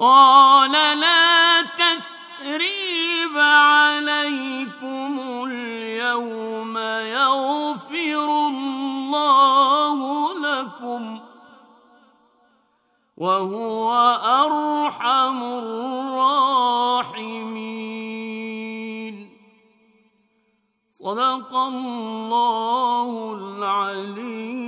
قال لا تثريب عليكم اليوم يغفر الله لكم وهو ارحم الراحمين صدق الله العليم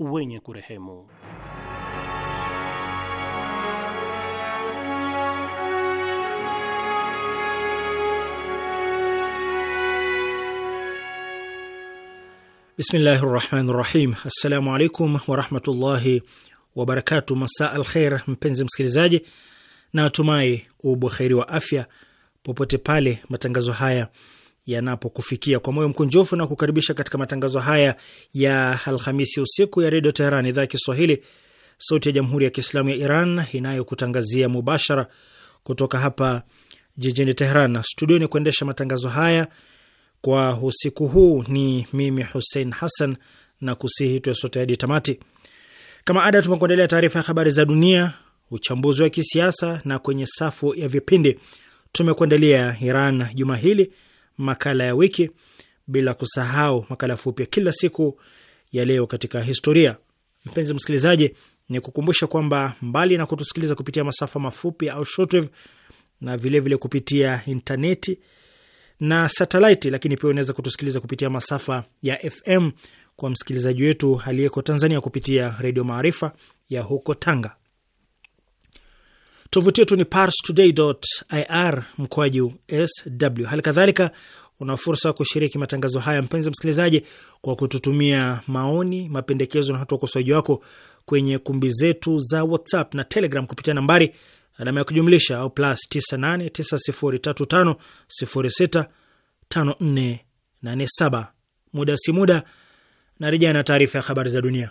wenye kurehemu. Bismillahi rahmani rahim. Assalamu alaikum warahmatullahi wabarakatu. Masaa al kheir, mpenzi msikilizaji, na atumai ubukheri wa afya popote pale matangazo haya yanapokufikia. Kwa moyo mkunjofu na kukaribisha katika matangazo haya ya Alhamisi usiku ya Redio Teheran, idhaa ya Kiswahili, sauti ya Jamhuri ya Kiislamu ya Iran inayokutangazia mubashara kutoka hapa jijini Teheran. Studioni kuendesha matangazo haya kwa usiku huu ni mimi Hussein Hassan na kusihi tuwe sote hadi tamati. Kama ada, tumekuandalia taarifa ya habari za dunia, uchambuzi wa kisiasa, na kwenye safu ya vipindi tumekuandalia Iran juma hili makala ya wiki, bila kusahau makala fupi ya kila siku ya leo katika historia. Mpenzi msikilizaji, ni kukumbusha kwamba mbali na kutusikiliza kupitia masafa mafupi au shortwave na vilevile vile kupitia intaneti na satelaiti, lakini pia unaweza kutusikiliza kupitia masafa ya FM kwa msikilizaji wetu aliyeko Tanzania kupitia Redio Maarifa ya huko Tanga. Tovuti yetu ni parstoday.ir mkoaju sw. Hali kadhalika una fursa ya kushiriki matangazo haya, mpenzi msikilizaji, kwa kututumia maoni, mapendekezo na hata ukosoaji wako kwenye kumbi zetu za WhatsApp na Telegram kupitia nambari alama ya kujumlisha au plus 989035065487. Muda si muda na rejea na taarifa ya habari za dunia.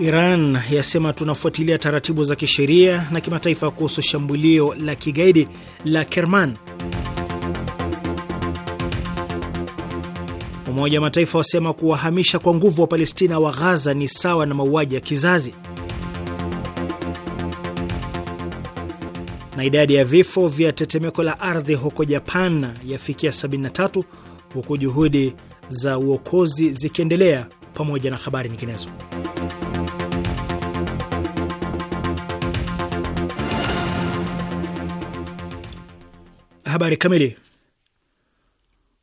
Iran yasema tunafuatilia taratibu za kisheria na kimataifa kuhusu shambulio la kigaidi la Kerman. Umoja wa Mataifa wasema kuwahamisha kwa nguvu wa Palestina wa Ghaza ni sawa na mauaji ya kizazi. Na idadi ya vifo vya tetemeko la ardhi huko Japan yafikia 73 huku juhudi za uokozi zikiendelea, pamoja na habari nyinginezo. Habari kamili.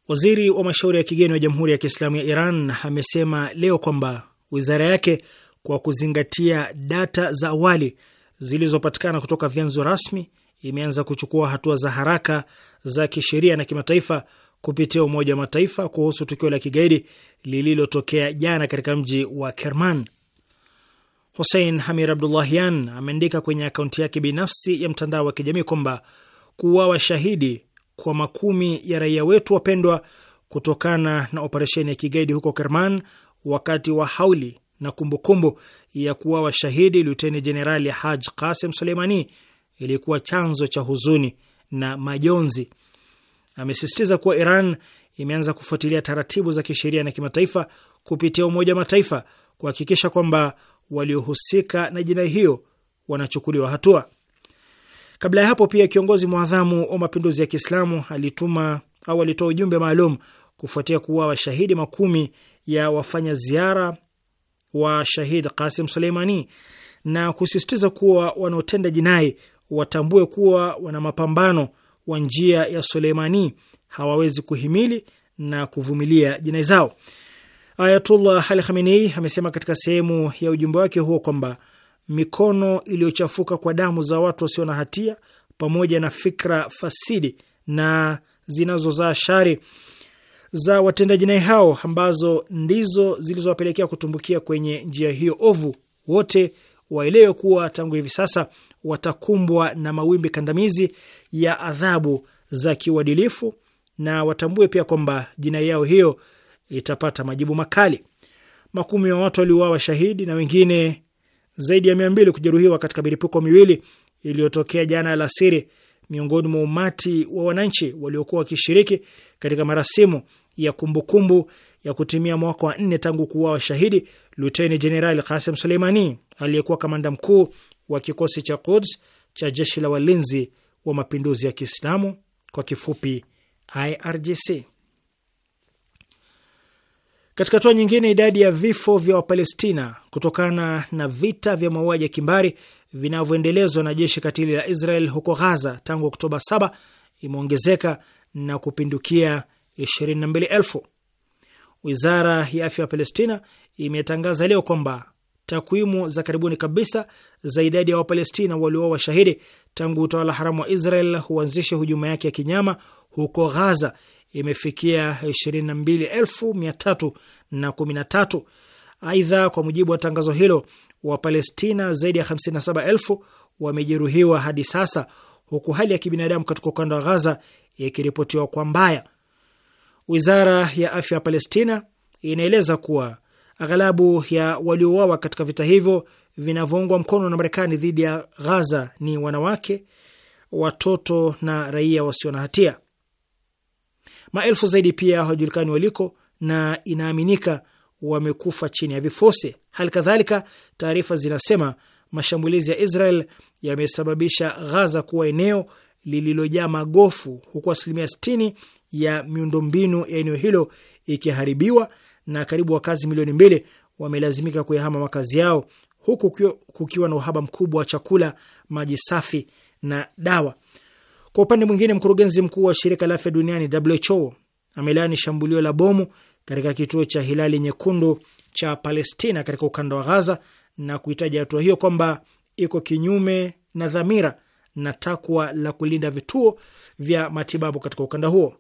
Waziri wa mashauri ya kigeni wa Jamhuri ya Kiislamu ya Iran amesema leo kwamba wizara yake kwa kuzingatia data za awali zilizopatikana kutoka vyanzo rasmi imeanza kuchukua hatua za haraka za kisheria na kimataifa kupitia Umoja wa Mataifa kuhusu tukio la kigaidi lililotokea jana katika mji wa Kerman. Hussein Hamir Abdullahian ameandika kwenye akaunti yake binafsi ya mtandao wa kijamii kwamba kuuawa shahidi kwa makumi ya raia wetu wapendwa kutokana na operesheni ya kigaidi huko Kerman wakati wa hauli na kumbukumbu kumbu ya kuuawa shahidi Luteni Jenerali Haj Qasim Suleimani ilikuwa chanzo cha huzuni na majonzi. Amesisitiza kuwa Iran imeanza kufuatilia taratibu za kisheria na kimataifa kupitia Umoja wa Mataifa kuhakikisha kwamba waliohusika na jinai hiyo wanachukuliwa hatua. Kabla ya hapo pia kiongozi mwadhamu wa mapinduzi ya Kiislamu alituma au alitoa ujumbe maalum kufuatia kuwa washahidi makumi ya wafanya ziara wa shahid Qasim Suleimani na kusisitiza kuwa wanaotenda jinai watambue kuwa wana mapambano wa njia ya Suleimani hawawezi kuhimili na kuvumilia jinai zao. Ayatullah Al Khamenei amesema katika sehemu ya ujumbe wake huo kwamba mikono iliyochafuka kwa damu za watu wasio na hatia, pamoja na fikra fasidi na zinazozaa shari za watenda jinai hao ambazo ndizo zilizowapelekea kutumbukia kwenye njia hiyo ovu. Wote waelewe kuwa tangu hivi sasa watakumbwa na mawimbi kandamizi ya adhabu za kiuadilifu, na watambue pia kwamba jinai yao hiyo itapata majibu makali. Makumi ya watu waliuawa shahidi na wengine zaidi ya mia mbili kujeruhiwa katika milipuko miwili iliyotokea jana alasiri miongoni mwa umati wa wananchi waliokuwa wakishiriki katika marasimu ya kumbukumbu kumbu ya kutimia mwaka wa nne tangu kuuawa shahidi Luteni Jenerali Kasim Suleimani aliyekuwa kamanda mkuu wa kikosi cha Quds cha jeshi la walinzi wa mapinduzi ya Kiislamu kwa kifupi IRGC. Katika hatua nyingine, idadi ya vifo vya Wapalestina kutokana na vita vya mauaji ya kimbari vinavyoendelezwa na jeshi katili la Israel huko Ghaza tangu Oktoba 7 imeongezeka na kupindukia 22,000. Wizara ya afya ya Palestina imetangaza leo kwamba takwimu za karibuni kabisa za idadi ya Wapalestina walioa washahidi tangu utawala haramu wa Israel huanzishe hujuma yake ya kinyama huko Ghaza imefikia 22313. Aidha, kwa mujibu wa tangazo hilo, Wapalestina zaidi ya 57,000 wamejeruhiwa hadi sasa, huku hali ya kibinadamu katika ukanda wa Ghaza ikiripotiwa kwa mbaya. Wizara ya afya ya Palestina inaeleza kuwa aghalabu ya waliouawa katika vita hivyo vinavyoungwa mkono na Marekani dhidi ya Ghaza ni wanawake, watoto na raia wasio na hatia. Maelfu zaidi pia hawajulikani waliko na inaaminika wamekufa chini ya vifosi. Hali kadhalika, taarifa zinasema mashambulizi ya Israel yamesababisha Ghaza kuwa eneo lililojaa magofu, huku asilimia 60 ya miundombinu ya eneo hilo ikiharibiwa na karibu wakazi milioni mbili wamelazimika kuyahama makazi yao, huku kukiwa na uhaba mkubwa wa chakula, maji safi na dawa. Kwa upande mwingine, mkurugenzi mkuu wa shirika la afya duniani WHO amelaani shambulio la bomu katika kituo cha Hilali Nyekundu cha Palestina katika ukanda wa Ghaza na kuhitaja hatua hiyo kwamba iko kinyume na dhamira na takwa la kulinda vituo vya matibabu katika ukanda huo.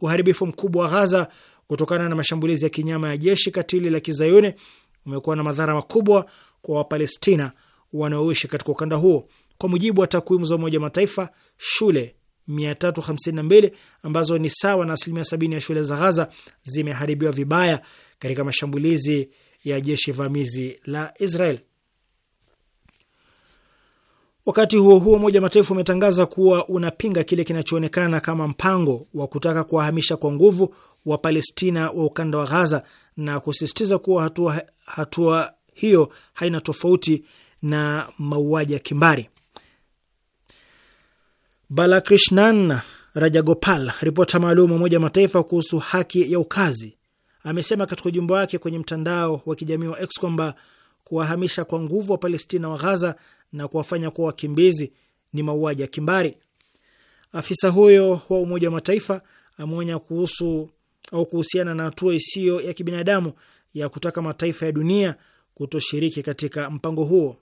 Uharibifu mkubwa wa Ghaza kutokana na mashambulizi ya kinyama ya jeshi katili la kizayuni umekuwa na madhara makubwa kwa Wapalestina wanaoishi katika ukanda huo. Kwa mujibu wa takwimu za Umoja wa Mataifa, shule 352 ambazo ni sawa na asilimia 70 ya shule za Ghaza zimeharibiwa vibaya katika mashambulizi ya jeshi vamizi la Israel. Wakati huo huo, Umoja wa Mataifa umetangaza kuwa unapinga kile kinachoonekana kama mpango wa kutaka kuwahamisha kwa nguvu wa Palestina wa ukanda wa Ghaza na kusisitiza kuwa hatua, hatua hiyo haina tofauti na mauaji ya kimbari. Balakrishnan Rajagopal, ripota maalum wa Umoja wa Mataifa kuhusu haki ya ukazi, amesema katika ujumbe wake kwenye mtandao wa kijamii wa X kwamba kuwahamisha kwa nguvu wa Palestina wa Ghaza na kuwafanya kuwa wakimbizi ni mauaji ya kimbari. Afisa huyo wa Umoja wa Mataifa ameonya kuhusu au kuhusiana na hatua isiyo ya kibinadamu ya kutaka mataifa ya dunia kutoshiriki katika mpango huo.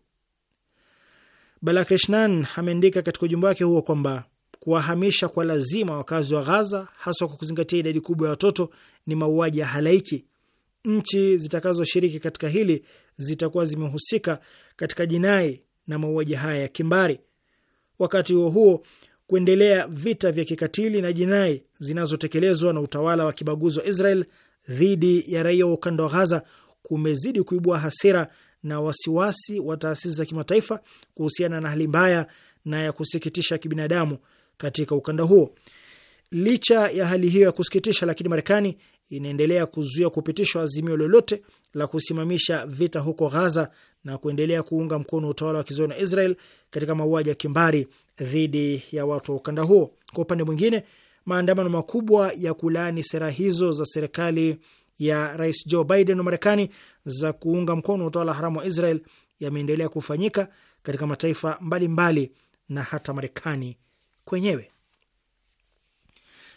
Balakrishnan ameandika katika ujumbe wake huo kwamba kuwahamisha kwa lazima wakazi wa Ghaza, haswa kwa kuzingatia idadi kubwa ya watoto, ni mauaji ya halaiki. Nchi zitakazoshiriki katika hili zitakuwa zimehusika katika jinai na mauaji haya ya kimbari. Wakati huo huo, kuendelea vita vya kikatili na jinai zinazotekelezwa na utawala wa kibaguzi wa Israel dhidi ya raia wa ukanda wa Ghaza kumezidi kuibua hasira na wasiwasi wa taasisi za kimataifa kuhusiana na hali mbaya na ya kusikitisha ya kibinadamu katika ukanda huo. Licha ya hali hiyo ya kusikitisha, lakini Marekani inaendelea kuzuia kupitishwa azimio lolote la kusimamisha vita huko Ghaza na kuendelea kuunga mkono utawala wa kizayuni wa Israel katika mauaji ya kimbari dhidi ya watu wa ukanda huo. Kwa upande mwingine, maandamano makubwa ya kulaani sera hizo za serikali ya rais Joe Biden wa Marekani za kuunga mkono utawala haramu wa Israel yameendelea kufanyika katika mataifa mbalimbali mbali na hata Marekani kwenyewe.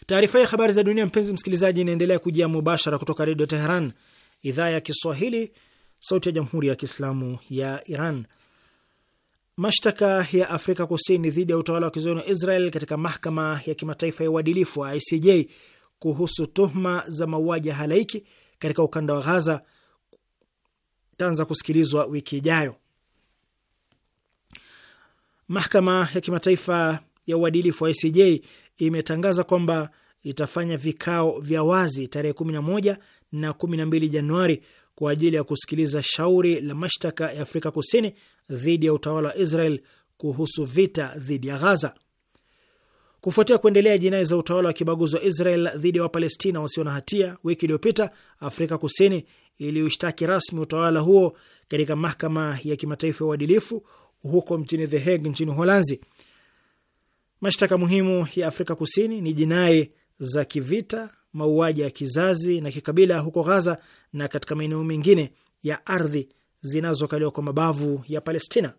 Taarifa ya habari za dunia, mpenzi msikilizaji, inaendelea kujia mubashara kutoka Redio Teheran, idhaa ya Kiswahili, sauti ya Jamhuri ya Kiislamu ya Iran. Mashtaka ya Afrika Kusini dhidi ya utawala wa kizayuni wa Israel katika mahakama ya kimataifa ya uadilifu wa ICJ kuhusu tuhuma za mauaji ya halaiki katika ukanda wa Ghaza taanza kusikilizwa wiki ijayo. Mahakama ya Kimataifa ya Uadilifu wa ICJ imetangaza kwamba itafanya vikao vya wazi tarehe 11 na 12 Januari kwa ajili ya kusikiliza shauri la mashtaka ya Afrika Kusini dhidi ya utawala wa Israel kuhusu vita dhidi ya Ghaza. Kufuatia kuendelea jinai za utawala wa kibaguzi wa Israel dhidi ya Wapalestina wasio na hatia, wiki iliyopita Afrika Kusini iliushtaki rasmi utawala huo katika mahakama ya kimataifa ya uadilifu huko mjini The Hague nchini Holanzi. Mashtaka muhimu ya Afrika Kusini ni jinai za kivita, mauaji ya kizazi na kikabila huko Ghaza na katika maeneo mengine ya ardhi zinazokaliwa kwa mabavu ya Palestina.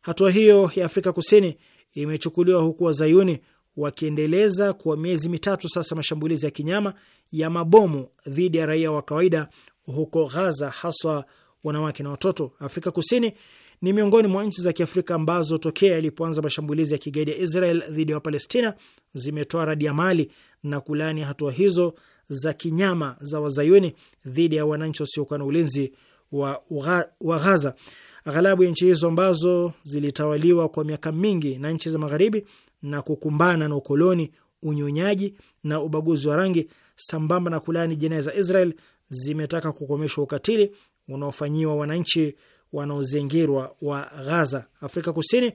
Hatua hiyo ya Afrika Kusini imechukuliwa huku wazayuni wakiendeleza kwa miezi mitatu sasa mashambulizi ya kinyama ya mabomu dhidi ya raia wa kawaida huko Ghaza, haswa wanawake na watoto. Afrika Kusini ni miongoni mwa nchi za Kiafrika ambazo tokea ilipoanza mashambulizi ya kigaidi ya Israel dhidi ya Wapalestina zimetoa radi ya mali na kulaani hatua hizo za kinyama za wazayuni dhidi ya wananchi wasiokuwa na ulinzi wa, wa Ghaza. Aghalabu ya nchi hizo ambazo zilitawaliwa kwa miaka mingi na nchi za Magharibi na kukumbana na ukoloni, unyonyaji na ubaguzi wa rangi, sambamba na kulani jinai za Israel, zimetaka kukomeshwa ukatili unaofanyiwa wananchi wanaozingirwa wa Ghaza. Afrika Kusini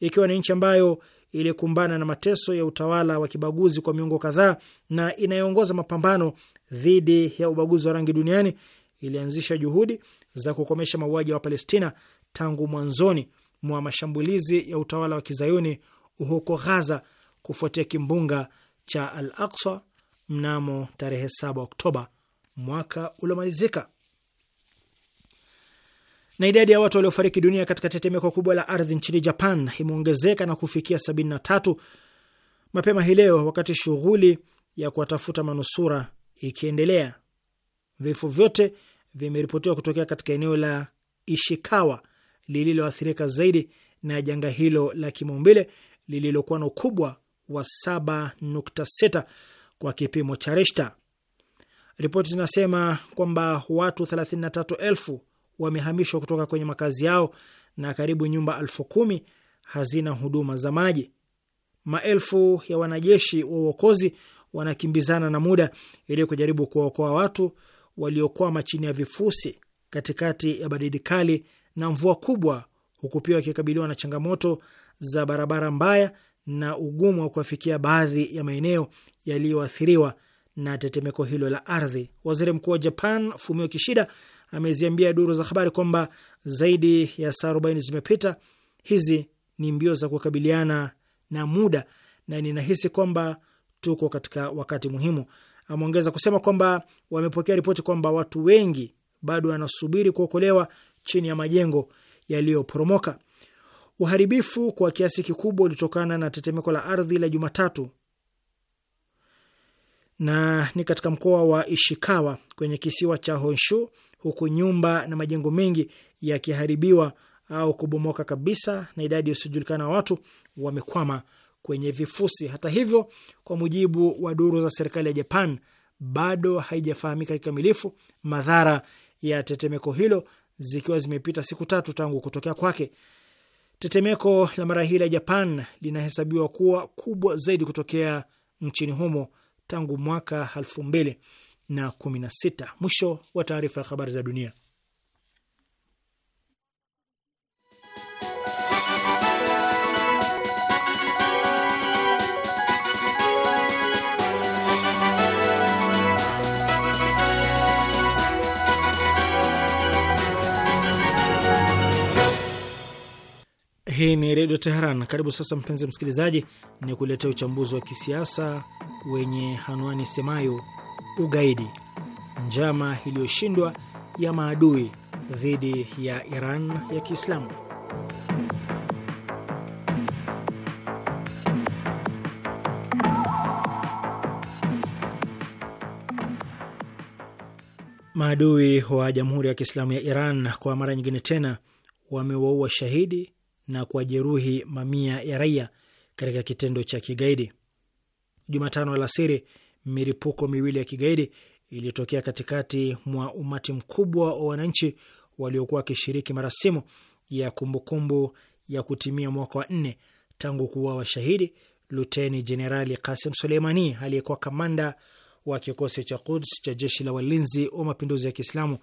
ikiwa ni nchi ambayo ilikumbana na mateso ya utawala wa kibaguzi kwa miongo kadhaa na inayoongoza mapambano dhidi ya ubaguzi wa rangi duniani ilianzisha juhudi za kukomesha mauaji ya Wapalestina tangu mwanzoni mwa mashambulizi ya utawala wa kizayuni huko Ghaza kufuatia kimbunga cha Al Aksa mnamo tarehe 7 Oktoba mwaka uliomalizika. Na idadi ya watu waliofariki dunia katika tetemeko kubwa la ardhi nchini Japan imeongezeka na kufikia 73 mapema hii leo, wakati shughuli ya kuwatafuta manusura ikiendelea. Vifo vyote vimeripotiwa kutokea katika eneo la Ishikawa lililoathirika zaidi na janga hilo la kimaumbile lililokuwa na ukubwa wa 7.6 kwa kipimo cha Richter. Ripoti zinasema kwamba watu 33,000 wamehamishwa kutoka kwenye makazi yao na karibu nyumba elfu hazina huduma za maji. Maelfu ya wanajeshi wa uokozi wanakimbizana na muda ili kujaribu kuwaokoa watu waliokwama chini ya vifusi katikati ya baridi kali na mvua kubwa, huku pia wakikabiliwa na changamoto za barabara mbaya na ugumu wa kuwafikia baadhi ya maeneo yaliyoathiriwa na tetemeko hilo la ardhi. Waziri mkuu wa Japan Fumio Kishida ameziambia duru za habari kwamba zaidi ya saa 40 zimepita. Hizi ni mbio za kukabiliana na muda na ninahisi kwamba tuko katika wakati muhimu. Ameongeza kusema kwamba wamepokea ripoti kwamba watu wengi bado wanasubiri kuokolewa chini ya majengo yaliyoporomoka. Uharibifu kwa kiasi kikubwa ulitokana na tetemeko la ardhi la Jumatatu na ni katika mkoa wa Ishikawa kwenye kisiwa cha Honshu, huku nyumba na majengo mengi yakiharibiwa au kubomoka kabisa na idadi isiyojulikana watu wamekwama kwenye vifusi. Hata hivyo, kwa mujibu wa duru za serikali ya Japan, bado haijafahamika kikamilifu madhara ya tetemeko hilo, zikiwa zimepita siku tatu tangu kutokea kwake. Tetemeko la mara hii la Japan linahesabiwa kuwa kubwa zaidi kutokea nchini humo tangu mwaka elfu Mwisho wa taarifa ya habari za dunia. Hii ni Redio Teheran. Karibu sasa, mpenzi msikilizaji, ni kuletea uchambuzi wa kisiasa wenye anwani semayo ugaidi, njama iliyoshindwa ya maadui dhidi ya Iran ya Kiislamu. Maadui wa Jamhuri ya Kiislamu ya Iran kwa mara nyingine tena wamewaua shahidi na kuwajeruhi mamia ya raia katika kitendo cha kigaidi. Jumatano alasiri, milipuko miwili ya kigaidi ilitokea katikati mwa umati mkubwa wa wananchi waliokuwa wakishiriki marasimu ya kumbukumbu ya kutimia mwaka wa nne tangu kuwa washahidi Luteni Jenerali Kasim Suleimani aliyekuwa kamanda wa kikosi cha Kuds cha jeshi la walinzi wa mapinduzi ya Kiislamu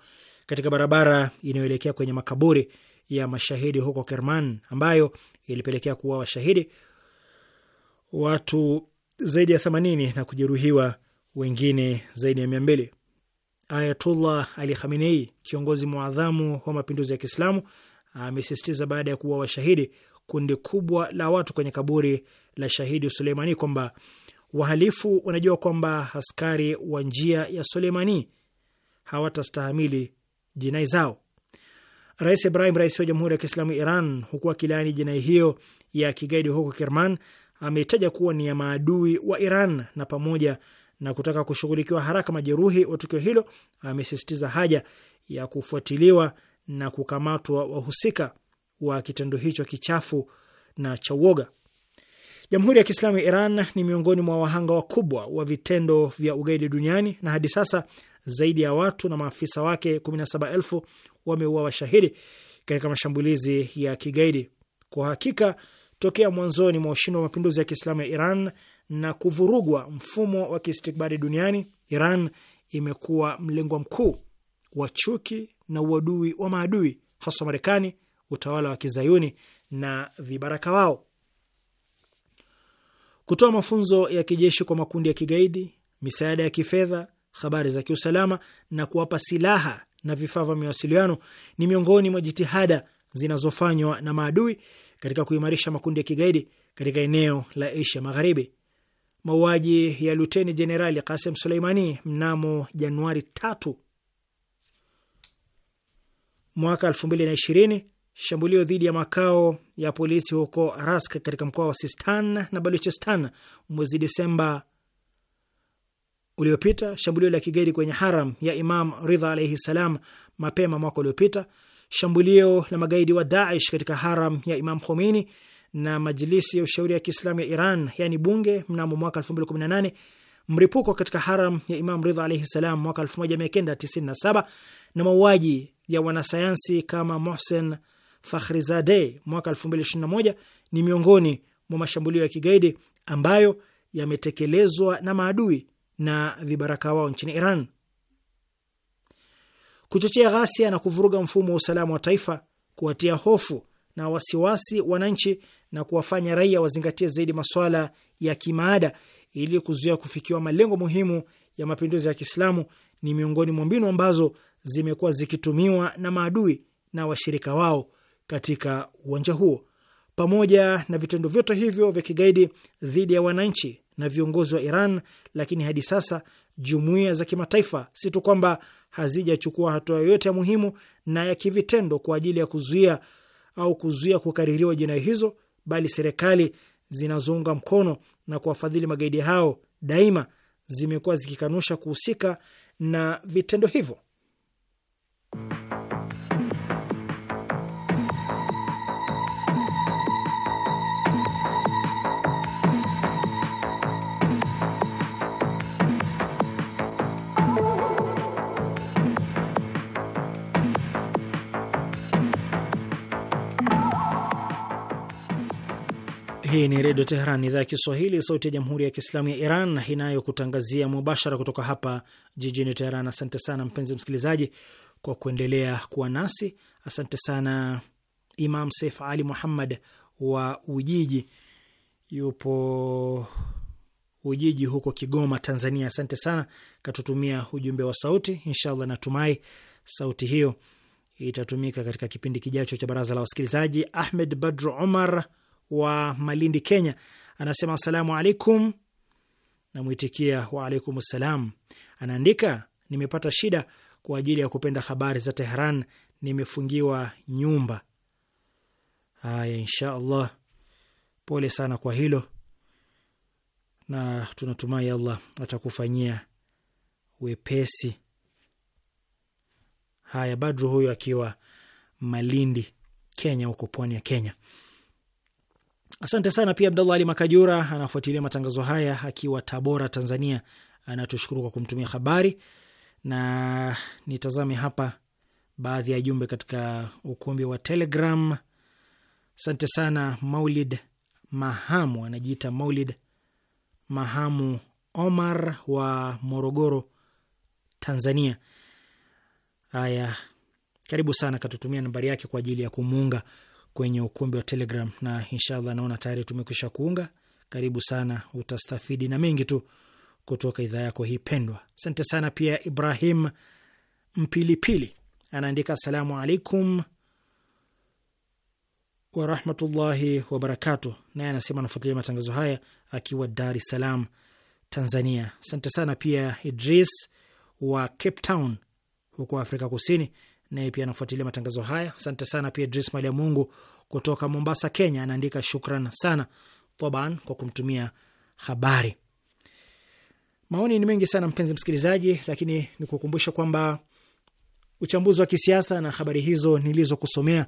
katika barabara inayoelekea kwenye makaburi ya mashahidi huko Kerman ambayo ilipelekea kuwa washahidi watu zaidi ya 80 na kujeruhiwa wengine zaidi ya mbili. Ayatullah Ali Khamenei, kiongozi mwadhamu wa mapinduzi ya Kiislamu, amesisitiza baada ya kuwa washahidi kundi kubwa la watu kwenye kaburi la shahidi Suleimani kwamba wahalifu wanajua kwamba askari wa njia ya Suleimani hawatastahamili jinai zao. Rais Ibrahim Raisi wa Jamhuri ya Kiislamu Iran, huku akilaani jinai hiyo ya kigaidi huko Kerman, ameitaja kuwa ni ya maadui wa Iran na pamoja na kutaka kushughulikiwa haraka majeruhi wa tukio hilo, amesisitiza haja ya kufuatiliwa na kukamatwa wahusika wa kitendo hicho kichafu na cha uoga. Jamhuri ya Kiislamu ya Iran ni miongoni mwa wahanga wakubwa wa vitendo vya ugaidi duniani na hadi sasa zaidi ya watu na maafisa wake 17,000 wameuawa washahidi katika mashambulizi ya kigaidi. Kwa hakika tokea mwanzoni mwa ushindi wa mapinduzi ya Kiislamu ya Iran na kuvurugwa mfumo wa kiistikbari duniani, Iran imekuwa mlengwa mkuu wa chuki na uadui wa maadui, haswa Marekani, utawala wa kizayuni na vibaraka wao. Kutoa mafunzo ya kijeshi kwa makundi ya kigaidi, misaada ya kifedha, habari za kiusalama na kuwapa silaha na vifaa vya mawasiliano ni miongoni mwa jitihada zinazofanywa na maadui katika kuimarisha makundi ya kigaidi katika eneo la Asia Magharibi. Mauaji ya luteni jenerali Kasem Suleimani mnamo Januari tatu mwaka elfu mbili na ishirini, shambulio dhidi ya makao ya polisi huko Rask katika mkoa wa Sistan na Baluchistan mwezi Desemba uliopita, shambulio la kigaidi kwenye haram ya Imam Ridha alaihi salam mapema mwaka uliopita, shambulio la magaidi wa Daesh katika haram ya Imam Khomeini na Majilisi ya Ushauri ya Kiislamu ya Iran, yani bunge, mnamo mwaka 2018, mripuko katika haram ya Imam Ridha alaihi salam mwaka 1997 na mauaji ya wanasayansi kama Mohsen Fakhrizadeh mwaka 2021 ni miongoni mwa mashambulio ya kigaidi ambayo yametekelezwa na maadui na vibaraka wao nchini Iran, kuchochea ghasia na kuvuruga mfumo wa usalama wa taifa, kuwatia hofu na wasiwasi wananchi na kuwafanya raia wazingatie zaidi masuala ya kimaada ili kuzuia kufikiwa malengo muhimu ya mapinduzi ya Kiislamu ni miongoni mwa mbinu ambazo zimekuwa zikitumiwa na maadui na washirika wao katika uwanja huo. Pamoja na vitendo vyote hivyo vya kigaidi dhidi ya wananchi na viongozi wa Iran, lakini hadi sasa jumuiya za kimataifa si tu kwamba hazijachukua hatua yoyote ya muhimu na ya kivitendo kwa ajili ya kuzuia au kuzuia kukaririwa jinai hizo, bali serikali zinazounga mkono na kuwafadhili magaidi hao daima zimekuwa zikikanusha kuhusika na vitendo hivyo. Hii ni Redio Teheran, idhaa ya Kiswahili, sauti ya Jamhuri ya Kiislamu ya Iran inayokutangazia mubashara kutoka hapa jijini Teheran. Asante sana mpenzi msikilizaji kwa kuendelea kuwa nasi. Asante sana Imam Saif Ali Muhammad wa Ujiji, yupo Ujiji huko Kigoma, Tanzania. Asante sana, katutumia ujumbe wa sauti. Inshallah natumai sauti hiyo itatumika katika kipindi kijacho cha baraza la wasikilizaji. Ahmed Badru Omar wa Malindi, Kenya, anasema asalamu alaikum, namwitikia waalaikum salam. Anaandika, nimepata shida kwa ajili ya kupenda habari za Tehran, nimefungiwa nyumba. Haya, insha Allah, pole sana kwa hilo, na tunatumai Allah atakufanyia wepesi. Haya, Badru huyo akiwa Malindi, Kenya, huko pwani ya Kenya. Asante sana pia Abdallah Ali Makajura anafuatilia matangazo haya akiwa Tabora, Tanzania. Anatushukuru kwa kumtumia habari, na nitazame hapa baadhi ya jumbe katika ukumbi wa Telegram. Asante sana Maulid Mahamu, anajiita Maulid Mahamu Omar wa Morogoro, Tanzania. Haya, karibu sana, katutumia nambari yake kwa ajili ya kumuunga kwenye ukumbi wa Telegram na inshallah, naona tayari tumekwisha kuunga. Karibu sana, utastafidi na mengi tu kutoka idhaa yako hii pendwa. Asante sana pia. Ibrahim Mpilipili anaandika asalamu alaikum warahmatullahi wabarakatu, naye anasema anafuatilia matangazo haya akiwa Dar es Salaam, Tanzania. Asante sana pia Idris wa Cape Town huko Afrika Kusini naye pia anafuatilia matangazo haya. Asante sana pia Idris Mali ya Mungu kutoka Mombasa, Kenya, anaandika shukran sana Taban kwa kumtumia habari. Maoni ni mengi sana mpenzi msikilizaji, lakini nikukumbusha kwamba uchambuzi wa kisiasa na habari hizo nilizokusomea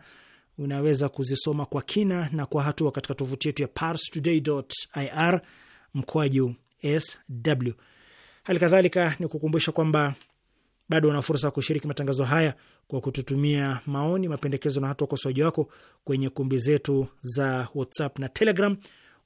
unaweza kuzisoma kwa kina na kwa hatua katika tovuti yetu ya parstoday.ir mkwaju sw. Hali kadhalika ni kukumbusha kwamba bado una fursa ya kushiriki matangazo haya kwa kututumia maoni, mapendekezo na hata ukosoaji wako kwenye kumbi zetu za WhatsApp na Telegram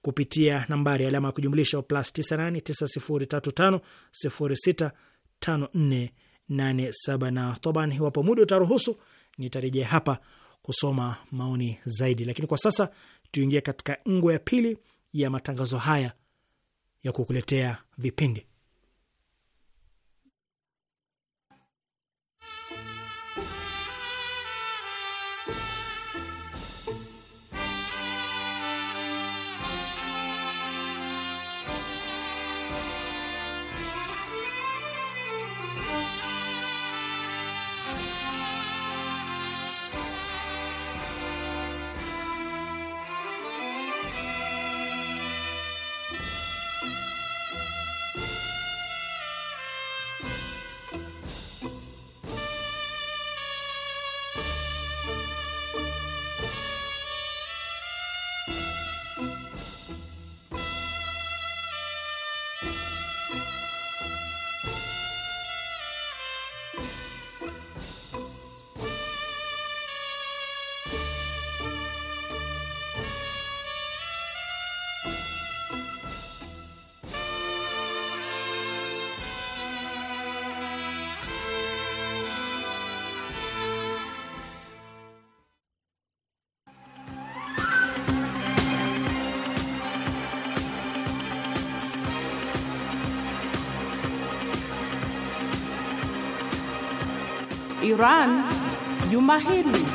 kupitia nambari alama ya kujumlisha plus 989035065487 na toban. Iwapo muda utaruhusu, nitarejea hapa kusoma maoni zaidi, lakini kwa sasa tuingie katika ngwe ya pili ya matangazo haya ya kukuletea vipindi. Iran juma hili.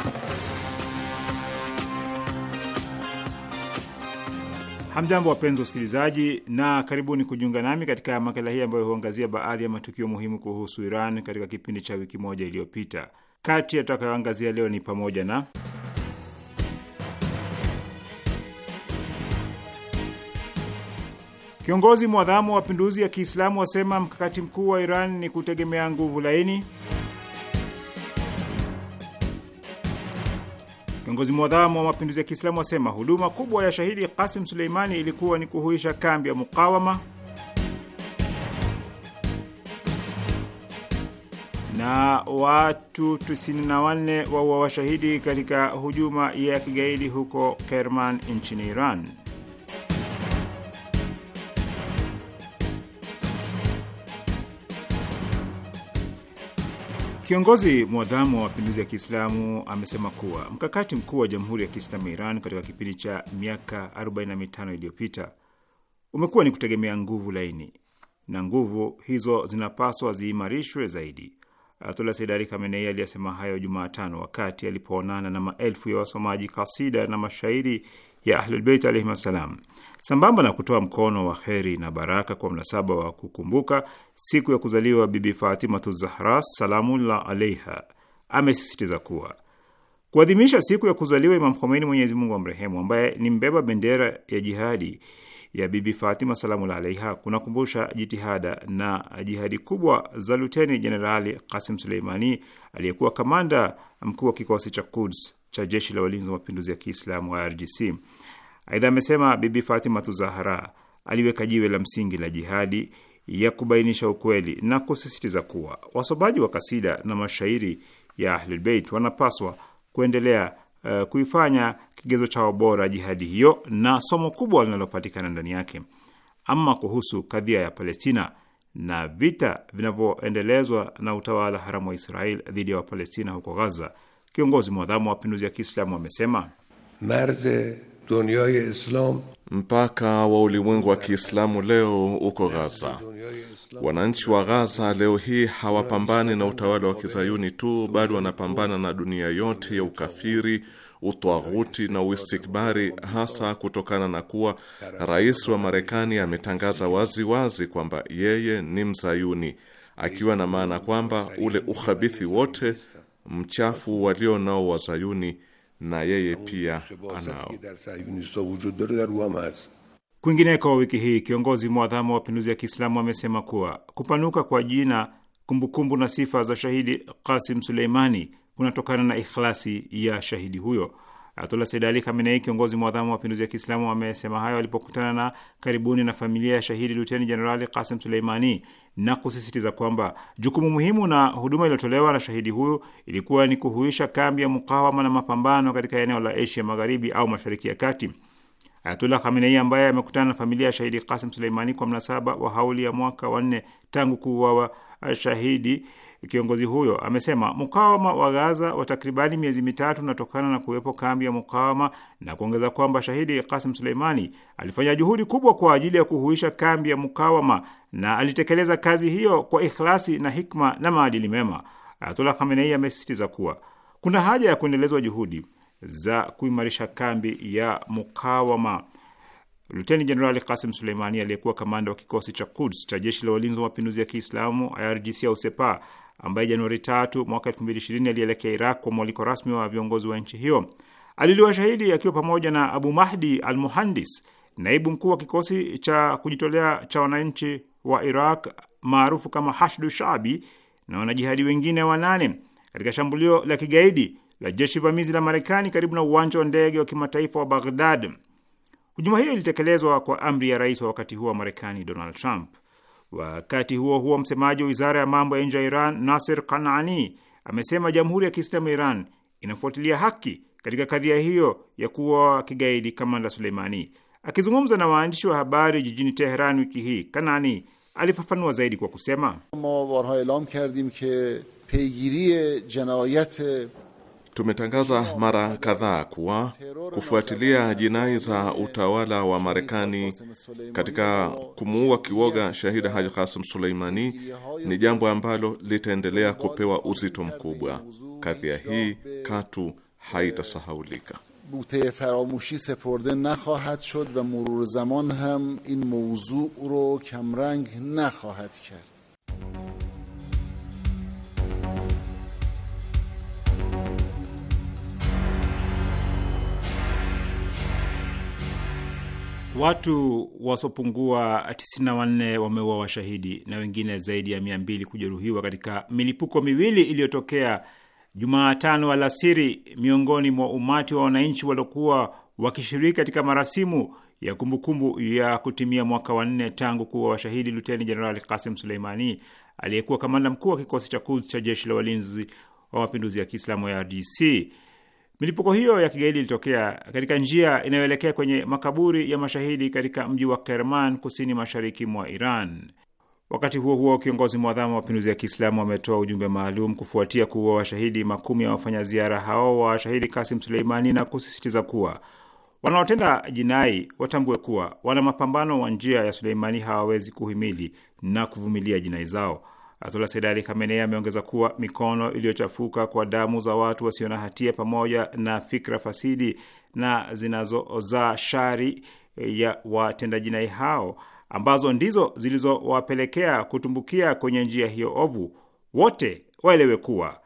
Hamjambo, wapenzi wasikilizaji, na karibuni kujiunga nami katika makala hii ambayo huangazia baadhi ya matukio muhimu kuhusu Iran katika kipindi cha wiki moja iliyopita. Kati ya tutakayoangazia leo ni pamoja na kiongozi mwadhamu wa mapinduzi ya Kiislamu wasema mkakati mkuu wa Iran ni kutegemea nguvu laini Viongozi mwadhamu wa mapinduzi ya Kiislamu wasema huduma kubwa ya shahidi Kasim Suleimani ilikuwa ni kuhuisha kambi ya mukawama na watu 94 wauawa washahidi katika hujuma ya kigaidi huko Kerman nchini Iran. Kiongozi mwadhamu wa mapinduzi ya Kiislamu amesema kuwa mkakati mkuu wa Jamhuri ya Kiislamu ya Iran katika kipindi cha miaka 45 iliyopita umekuwa ni kutegemea nguvu laini na nguvu hizo zinapaswa ziimarishwe zaidi. Ayatullah Sayyid Ali Khamenei aliyesema hayo Jumatano wakati alipoonana na maelfu ya wasomaji kasida na mashairi ya Ahlulbeit alaihim wassalam sambamba na kutoa mkono wa heri na baraka kwa mnasaba wa kukumbuka siku ya kuzaliwa Bibi Fatimatu Zahra salamullah alaiha, amesisitiza kuwa kuadhimisha siku ya kuzaliwa Imam Khomeini, Mwenyezi Mungu mrehemu ambaye ni mbeba bendera ya jihadi ya Bibi Fatima salamullah alaiha kunakumbusha jitihada na jihadi kubwa za Luteni Jenerali Kasim Suleimani aliyekuwa kamanda mkuu wa kikosi cha Kuds cha jeshi la walinzi wa mapinduzi ya Kiislamu IRGC Aidha amesema Bibi Fatima Tuzahara aliweka jiwe la msingi la jihadi ya kubainisha ukweli na kusisitiza kuwa wasomaji wa kasida na mashairi ya Ahlulbeit wanapaswa kuendelea uh, kuifanya kigezo chao bora jihadi hiyo na somo kubwa linalopatikana ndani yake. Ama kuhusu kadhia ya Palestina na vita vinavyoendelezwa na utawala haramu wa Israel dhidi ya Wapalestina huko Ghaza, kiongozi mwadhamu wa mapinduzi ya Kiislamu amesema marze Islam. Mpaka wa ulimwengu wa Kiislamu leo uko Ghaza. Wananchi wa Ghaza leo hii hawapambani na utawala wa kizayuni tu, bali wanapambana na dunia yote ya ukafiri, utwaghuti na uistikbari, hasa kutokana na kuwa rais wa Marekani ametangaza waziwazi kwamba yeye ni mzayuni, akiwa na maana kwamba ule ukhabithi wote mchafu walio nao wazayuni na yeye pia anao. Kwingineko wiki hii kiongozi mwadhamu wa mapinduzi ya Kiislamu amesema kuwa kupanuka kwa jina, kumbukumbu na sifa za shahidi Qasim Suleimani kunatokana na ikhlasi ya shahidi huyo. Ayatullah Said Ali Khamenei, kiongozi mwadhamu wa mapinduzi ya Kiislamu, amesema hayo alipokutana na karibuni na familia ya shahidi luteni jenerali Qasim Suleimani na kusisitiza kwamba jukumu muhimu na huduma iliyotolewa na shahidi huyu ilikuwa ni kuhuisha kambi ya mukawama na mapambano katika eneo la Asia Magharibi au Mashariki ya Kati. Ayatullah Khamenei ambaye amekutana na familia ya shahidi Kasim Suleimani kwa mnasaba wa hauli ya mwaka wa nne tangu kuuawa shahidi Kiongozi huyo amesema mukawama wa Gaza wa takribani miezi mitatu unatokana na kuwepo kambi ya mukawama, na kuongeza kwamba shahidi Kasim Suleimani alifanya juhudi kubwa kwa ajili ya kuhuisha kambi ya mukawama na alitekeleza kazi hiyo kwa ikhlasi na hikma na maadili mema. Ayatullah Khamenei amesisitiza kuwa kuna haja ya kuendelezwa juhudi za kuimarisha kambi ya mukawama. Luteni Jenerali Kasim Suleimani aliyekuwa kamanda wa kikosi cha Kuds cha jeshi la walinzi wa mapinduzi ya Kiislamu IRGC au Sepa ambaye Januari 3 mwaka elfu alielekea Iraq kwa mwaliko rasmi wa viongozi wa nchi hiyo. Aliliwa shahidi akiwa pamoja na Abu Mahdi al Muhandis, naibu mkuu wa kikosi cha kujitolea cha wananchi wa Iraq maarufu kama Hashdu Shabi na wanajihadi wengine wanane katika shambulio la kigaidi la jeshi vamizi la Marekani karibu na uwanja wa ndege wa kimataifa wa Baghdad. Hujuma hiyo ilitekelezwa kwa amri ya rais wa wakati huo wa Marekani, Donald Trump. Wakati huo huo, msemaji wa wizara ya mambo ya nje ya Iran nasir Kanani amesema jamhuri ya Kiislamu ya Iran inafuatilia haki katika kadhia hiyo ya kuwa kigaidi kamanda Suleimani. Akizungumza na waandishi wa habari jijini Teheran wiki hii, Kanani alifafanua zaidi kwa kusema ma barha elam kardim ke peygiri jinayat Tumetangaza mara kadhaa kuwa kufuatilia jinai za utawala wa Marekani katika kumuua kiwoga shahida Haji Qasim Suleimani ni jambo ambalo litaendelea kupewa uzito mkubwa. Kadhia hii katu haitasahaulika. Watu wasiopungua 94 wameua washahidi na wengine zaidi ya 200 kujeruhiwa katika milipuko miwili iliyotokea Jumatano alasiri miongoni mwa umati wa wananchi waliokuwa wakishiriki katika marasimu ya kumbukumbu kumbu ya kutimia mwaka wa nne tangu kuwa washahidi Luteni Jenerali Kasim Suleimani aliyekuwa kamanda mkuu wa kikosi cha Quds cha jeshi la walinzi wa mapinduzi ya Kiislamu ya RDC. Milipuko hiyo ya kigaidi ilitokea katika njia inayoelekea kwenye makaburi ya mashahidi katika mji wa Kerman, kusini mashariki mwa Iran. Wakati huo huo, kiongozi mwadhamu wa mapinduzi ya Kiislamu wametoa ujumbe maalum kufuatia kuua washahidi makumi ya wafanyaziara hao wa shahidi Kasim Suleimani na kusisitiza kuwa wanaotenda jinai watambue kuwa wana mapambano wa njia ya Suleimani hawawezi kuhimili na kuvumilia jinai zao atola Said Ali Khamenei ameongeza kuwa mikono iliyochafuka kwa damu za watu wasio na hatia pamoja na fikra fasidi na zinazozaa shari e, ya watenda jinai hao ambazo ndizo zilizowapelekea kutumbukia kwenye njia hiyo ovu, wote waelewe kuwa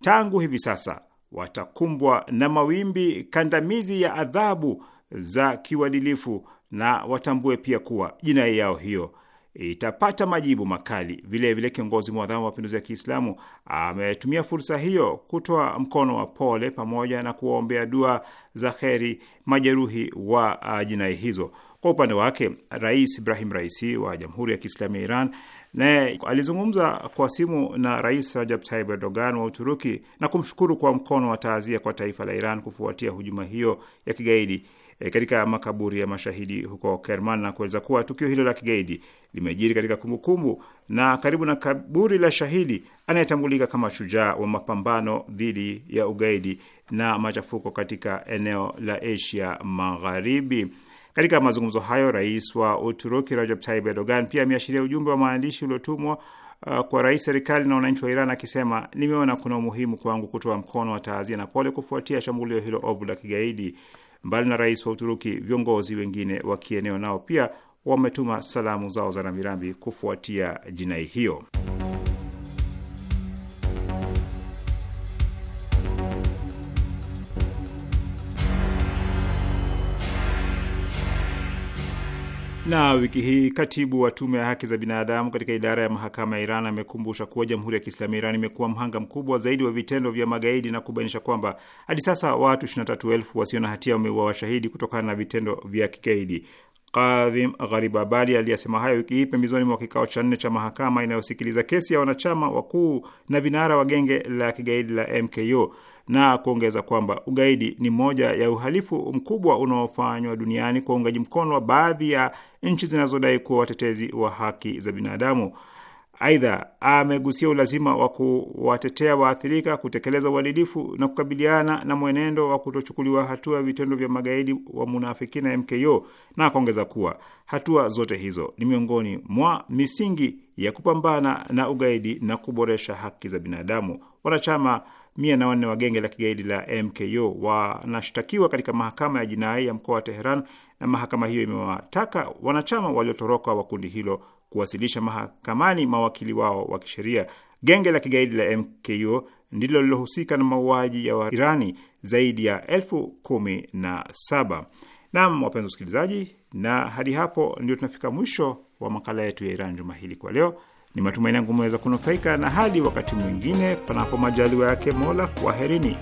tangu hivi sasa watakumbwa na mawimbi kandamizi ya adhabu za kiuadilifu, na watambue pia kuwa jinai yao hiyo itapata majibu makali. Vilevile vile kiongozi mwadhamu wa mapinduzi ya Kiislamu ametumia fursa hiyo kutoa mkono wa pole pamoja na kuwaombea dua za kheri majeruhi wa uh, jinai hizo. Kwa upande wake, Rais Ibrahim Raisi wa Jamhuri ya Kiislamu ya Iran naye alizungumza kwa simu na Rais Rajab Tayyip Erdogan wa Uturuki na kumshukuru kwa mkono wa taazia kwa taifa la Iran kufuatia hujuma hiyo ya kigaidi eh, katika makaburi ya mashahidi huko Kerman na kueleza kuwa tukio hilo la kigaidi limejiri katika kumbukumbu na karibu na kaburi la shahidi anayetambulika kama shujaa wa mapambano dhidi ya ugaidi na machafuko katika eneo la Asia Magharibi. Katika mazungumzo hayo, rais wa Uturuki Rajab Tayyip Erdogan pia ameashiria ujumbe wa maandishi uliotumwa uh, kwa rais, serikali na wananchi wa Iran akisema, nimeona kuna umuhimu kwangu kutoa mkono wa taazia na pole kufuatia shambulio hilo ovu la kigaidi. Mbali na rais wa Uturuki, viongozi wengine wa kieneo nao pia wametuma salamu zao za rambirambi kufuatia jinai hiyo. Na wiki hii katibu wa tume ya haki za binadamu katika idara ya mahakama ya Iran amekumbusha kuwa jamhuri ya Kiislamu ya Iran imekuwa mhanga mkubwa zaidi wa vitendo vya magaidi na kubainisha kwamba hadi sasa watu 23,000 wasio na hatia wameuawa washahidi kutokana na vitendo vya kigaidi Kadhim Gharibabadi aliyasema hayo wiki hii pembezoni mwa kikao cha nne cha mahakama inayosikiliza kesi ya wanachama wakuu na vinara wa genge la kigaidi la MKO na kuongeza kwamba ugaidi ni moja ya uhalifu mkubwa unaofanywa duniani kwa uungaji mkono wa baadhi ya nchi zinazodai kuwa watetezi wa haki za binadamu. Aidha, amegusia ulazima wa kuwatetea waathirika, kutekeleza uadilifu na kukabiliana na mwenendo wa kutochukuliwa hatua ya vitendo vya magaidi wa munafiki na MKO, na akaongeza kuwa hatua zote hizo ni miongoni mwa misingi ya kupambana na ugaidi na kuboresha haki za binadamu. Wanachama mia na wanne wa genge la kigaidi la MKO wanashtakiwa katika mahakama ya jinai ya mkoa wa Teheran, na mahakama hiyo imewataka wanachama waliotoroka wa kundi hilo kuwasilisha mahakamani mawakili wao wa kisheria. Genge la kigaidi la MKO ndilo lilohusika na mauaji ya Wairani zaidi ya elfu kumi na saba. Naam, wapenzi wasikilizaji, na hadi hapo ndio tunafika mwisho wa makala yetu ya Iran juma hili kwa leo. Ni matumaini yangu umeweza kunufaika, na hadi wakati mwingine, panapo majaliwa yake Mola, kwaherini.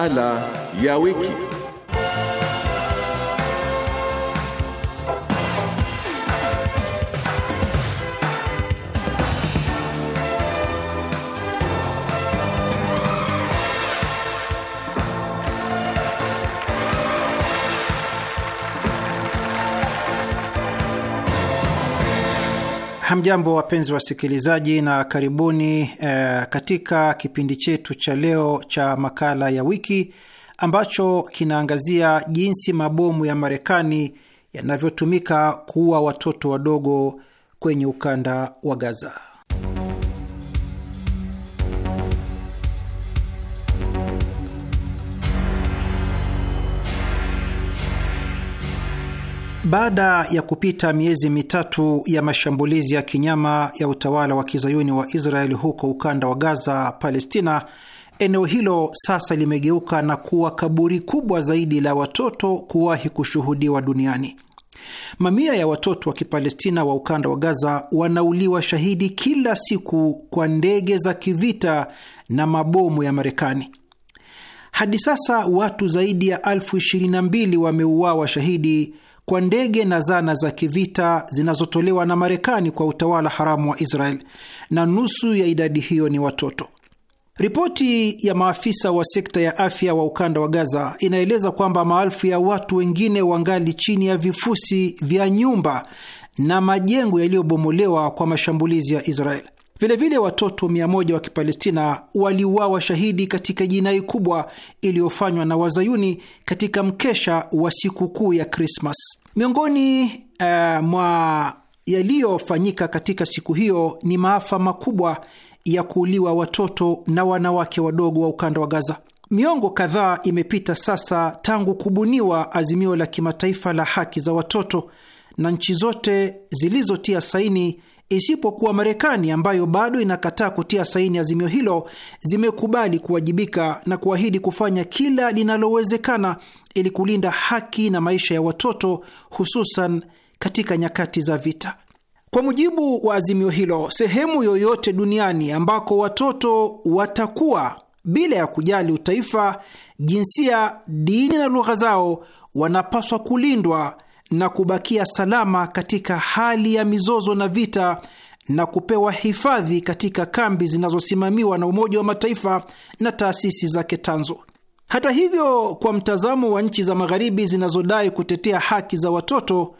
makala ya wiki. Hamjambo, wapenzi wasikilizaji, na karibuni eh, katika kipindi chetu cha leo cha makala ya wiki ambacho kinaangazia jinsi mabomu ya Marekani yanavyotumika kuua watoto wadogo kwenye ukanda wa Gaza. Baada ya kupita miezi mitatu ya mashambulizi ya kinyama ya utawala wa kizayuni wa Israeli huko ukanda wa Gaza, Palestina, eneo hilo sasa limegeuka na kuwa kaburi kubwa zaidi la watoto kuwahi kushuhudiwa duniani. Mamia ya watoto wa Kipalestina wa ukanda wa Gaza wanauliwa shahidi kila siku kwa ndege za kivita na mabomu ya Marekani. Hadi sasa watu zaidi ya elfu ishirini na mbili wameuawa shahidi kwa ndege na zana za kivita zinazotolewa na Marekani kwa utawala haramu wa Israel, na nusu ya idadi hiyo ni watoto. Ripoti ya maafisa wa sekta ya afya wa ukanda wa Gaza inaeleza kwamba maelfu ya watu wengine wangali chini ya vifusi vya nyumba na majengo yaliyobomolewa kwa mashambulizi ya Israel. Vilevile vile watoto 1 wa Kipalestina waliuawa shahidi katika jinai kubwa iliyofanywa na wazayuni katika mkesha wa sikukuu ya Krismas. Miongoni uh, mwa yaliyofanyika katika siku hiyo ni maafa makubwa ya kuuliwa watoto na wanawake wadogo wa ukanda wa Gaza. Miongo kadhaa imepita sasa tangu kubuniwa azimio la kimataifa la haki za watoto na nchi zote zilizotia saini isipokuwa Marekani ambayo bado inakataa kutia saini azimio hilo, zimekubali kuwajibika na kuahidi kufanya kila linalowezekana ili kulinda haki na maisha ya watoto, hususan katika nyakati za vita. Kwa mujibu wa azimio hilo, sehemu yoyote duniani ambako watoto watakuwa bila ya kujali utaifa, jinsia, dini na lugha zao, wanapaswa kulindwa na kubakia salama katika hali ya mizozo na vita na kupewa hifadhi katika kambi zinazosimamiwa na Umoja wa Mataifa na taasisi zake tanzo. Hata hivyo, kwa mtazamo wa nchi za Magharibi zinazodai kutetea haki za watoto,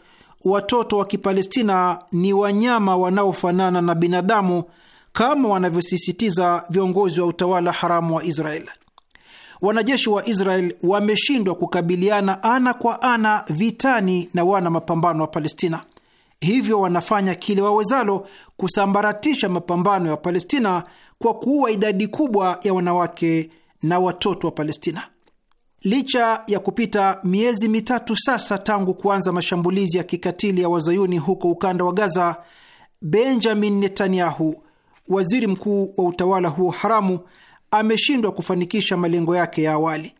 watoto wa Kipalestina ni wanyama wanaofanana na binadamu kama wanavyosisitiza viongozi wa utawala haramu wa Israeli wanajeshi wa Israel wameshindwa kukabiliana ana kwa ana vitani na wana mapambano wa Palestina, hivyo wanafanya kile wawezalo kusambaratisha mapambano ya Palestina kwa kuua idadi kubwa ya wanawake na watoto wa Palestina. Licha ya kupita miezi mitatu sasa tangu kuanza mashambulizi ya kikatili ya wazayuni huko ukanda wa Gaza, Benjamin Netanyahu, waziri mkuu wa utawala huo haramu, ameshindwa kufanikisha malengo yake ya awali.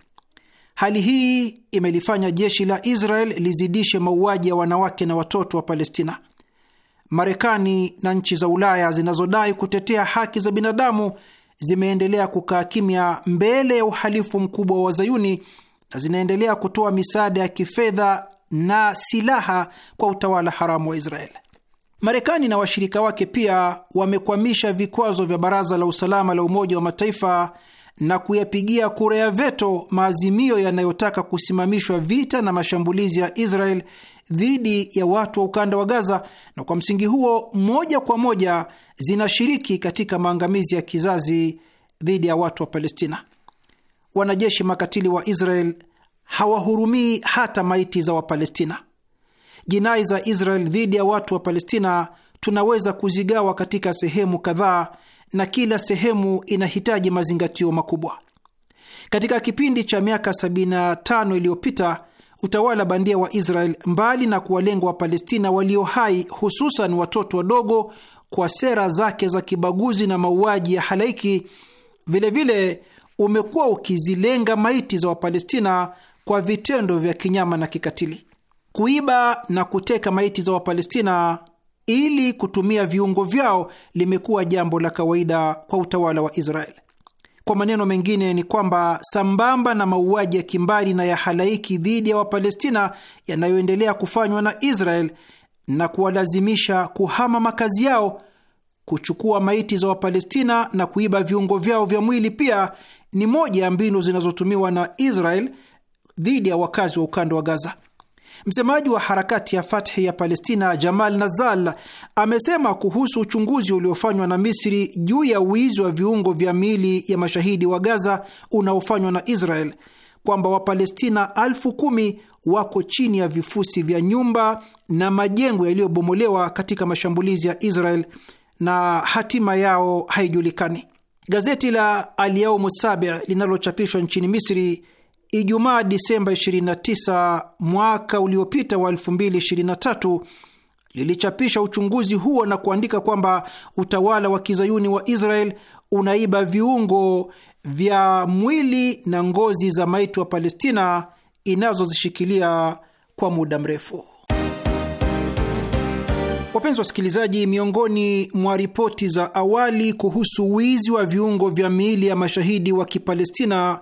Hali hii imelifanya jeshi la Israel lizidishe mauaji ya wanawake na watoto wa Palestina. Marekani na nchi za Ulaya zinazodai kutetea haki za binadamu zimeendelea kukaa kimya mbele ya uhalifu mkubwa wa Wazayuni na zinaendelea kutoa misaada ya kifedha na silaha kwa utawala haramu wa Israeli. Marekani na washirika wake pia wamekwamisha vikwazo vya Baraza la Usalama la Umoja wa Mataifa na kuyapigia kura ya veto maazimio yanayotaka kusimamishwa vita na mashambulizi ya Israel dhidi ya watu wa ukanda wa Gaza, na kwa msingi huo moja kwa moja zinashiriki katika maangamizi ya kizazi dhidi ya watu wa Palestina. Wanajeshi makatili wa Israel hawahurumii hata maiti za Wapalestina jinai za Israel dhidi ya watu wa Palestina tunaweza kuzigawa katika sehemu kadhaa na kila sehemu inahitaji mazingatio makubwa. Katika kipindi cha miaka 75 iliyopita utawala bandia wa Israel, mbali na kuwalenga Wapalestina walio hai, hususan watoto wadogo, kwa sera zake za kibaguzi na mauaji ya halaiki, vilevile umekuwa ukizilenga maiti za Wapalestina kwa vitendo vya kinyama na kikatili kuiba na kuteka maiti za Wapalestina ili kutumia viungo vyao limekuwa jambo la kawaida kwa utawala wa israel Kwa maneno mengine ni kwamba sambamba na mauaji ya kimbari na ya halaiki dhidi ya Wapalestina yanayoendelea kufanywa na Israel na kuwalazimisha kuhama makazi yao, kuchukua maiti za Wapalestina na kuiba viungo vyao vya mwili pia ni moja ya mbinu zinazotumiwa na Israel dhidi ya wakazi wa ukanda wa Gaza. Msemaji wa harakati ya Fathi ya Palestina, Jamal Nazal, amesema kuhusu uchunguzi uliofanywa na Misri juu ya uwizi wa viungo vya miili ya mashahidi wa Gaza unaofanywa na Israel kwamba Wapalestina elfu kumi wako chini ya vifusi vya nyumba na majengo yaliyobomolewa katika mashambulizi ya Israel na hatima yao haijulikani. Gazeti la Alyaumu Sabi linalochapishwa nchini Misri Ijumaa Disemba 29 mwaka uliopita wa 2023 lilichapisha uchunguzi huo na kuandika kwamba utawala wa kizayuni wa Israel unaiba viungo vya mwili na ngozi za maiti wa Palestina inazozishikilia kwa muda mrefu. Wapenzi wasikilizaji, miongoni mwa ripoti za awali kuhusu wizi wa viungo vya miili ya mashahidi wa Kipalestina